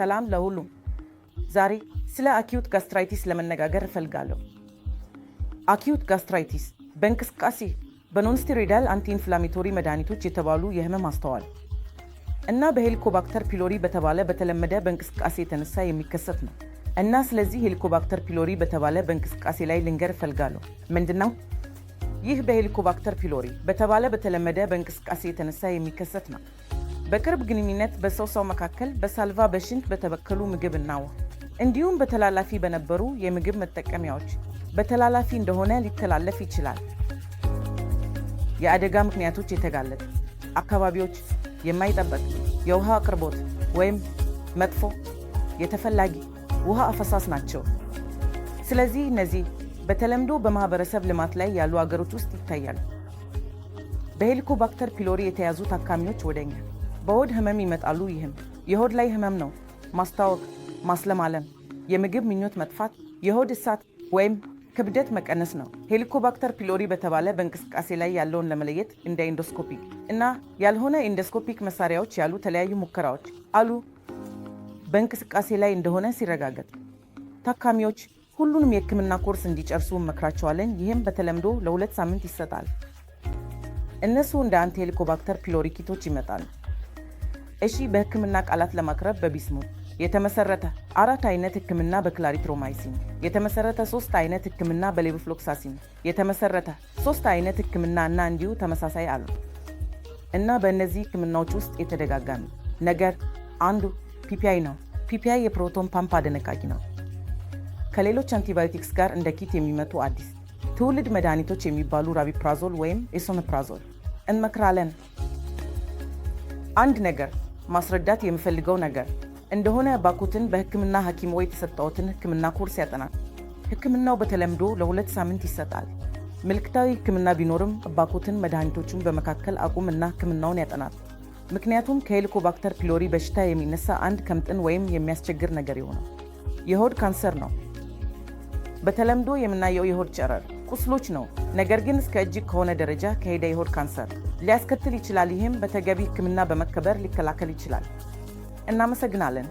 ሰላም ለሁሉም። ዛሬ ስለ አኪዩት ጋስትራይቲስ ለመነጋገር እፈልጋለሁ። አኪዩት ጋስትራይቲስ በእንቅስቃሴ በኖንስቴሮይዳል አንቲ ኢንፍላሜቶሪ መድኃኒቶች የተባሉ የህመም አስተዋል እና በሄሊኮባክተር ፒሎሪ በተባለ በተለመደ በእንቅስቃሴ የተነሳ የሚከሰት ነው እና ስለዚህ ሄሊኮባክተር ፒሎሪ በተባለ በእንቅስቃሴ ላይ ልንገር እፈልጋለሁ። ምንድን ነው ይህ? በሄሊኮባክተር ፒሎሪ በተባለ በተለመደ በእንቅስቃሴ የተነሳ የሚከሰት ነው በቅርብ ግንኙነት በሰው ሰው መካከል በሳልቫ በሽንት በተበከሉ ምግብና ውሃ እንዲሁም በተላላፊ በነበሩ የምግብ መጠቀሚያዎች በተላላፊ እንደሆነ ሊተላለፍ ይችላል። የአደጋ ምክንያቶች የተጋለጠ አካባቢዎች፣ የማይጠበቅ የውሃ አቅርቦት ወይም መጥፎ የተፈላጊ ውሃ አፈሳስ ናቸው። ስለዚህ እነዚህ በተለምዶ በማህበረሰብ ልማት ላይ ያሉ አገሮች ውስጥ ይታያሉ። በሄሊኮባክተር ፒሎሪ የተያዙ ታካሚዎች ወደኛ። በሆድ ህመም ይመጣሉ። ይህም የሆድ ላይ ህመም ነው። ማስታወክ፣ ማስለማለም፣ የምግብ ምኞት መጥፋት፣ የሆድ እሳት ወይም ክብደት መቀነስ ነው። ሄሊኮባክተር ፒሎሪ በተባለ በእንቅስቃሴ ላይ ያለውን ለመለየት እንደ ኢንዶስኮፒክ እና ያልሆነ ኢንዶስኮፒክ መሳሪያዎች ያሉ ተለያዩ ሙከራዎች አሉ። በእንቅስቃሴ ላይ እንደሆነ ሲረጋገጥ ታካሚዎች ሁሉንም የህክምና ኮርስ እንዲጨርሱ እመክራቸዋለን። ይህም በተለምዶ ለሁለት ሳምንት ይሰጣል። እነሱ እንደ አንቴ ሄሊኮባክተር ፒሎሪ ኪቶች ይመጣሉ። እሺ በህክምና ቃላት ለማቅረብ በቢስሙት የተመሰረተ አራት አይነት ህክምና በክላሪትሮማይሲን የተመሰረተ ሶስት አይነት ህክምና በሌቮፍሎክሳሲን የተመሰረተ ሶስት አይነት ህክምና እና እንዲሁ ተመሳሳይ አሉ እና በእነዚህ ህክምናዎች ውስጥ የተደጋጋሚ ነገር አንዱ ፒፒአይ ነው። ፒፒአይ የፕሮቶን ፓምፕ አደነቃቂ ነው። ከሌሎች አንቲባዮቲክስ ጋር እንደ ኪት የሚመጡ አዲስ ትውልድ መድኃኒቶች የሚባሉ ራቢፕራዞል ወይም ኤሶሜፕራዞል እንመክራለን። አንድ ነገር ማስረዳት የምፈልገው ነገር እንደሆነ ባኩትን በህክምና ሐኪሞ የተሰጠዎትን ህክምና ኮርስ ያጠናል። ህክምናው በተለምዶ ለሁለት ሳምንት ይሰጣል። ምልክታዊ ህክምና ቢኖርም ባኩትን መድኃኒቶቹን በመካከል አቁም እና ህክምናውን ያጠናል። ምክንያቱም ከሄሊኮባክተር ፒሎሪ በሽታ የሚነሳ አንድ ከምጥን ወይም የሚያስቸግር ነገር የሆነው የሆድ ካንሰር ነው። በተለምዶ የምናየው የሆድ ጨረር ቁስሎች ነው። ነገር ግን እስከ እጅግ ከሆነ ደረጃ ከሄደ የሆድ ካንሰር ሊያስከትል ይችላል። ይህም በተገቢ ሕክምና በመከበር ሊከላከል ይችላል። እናመሰግናለን።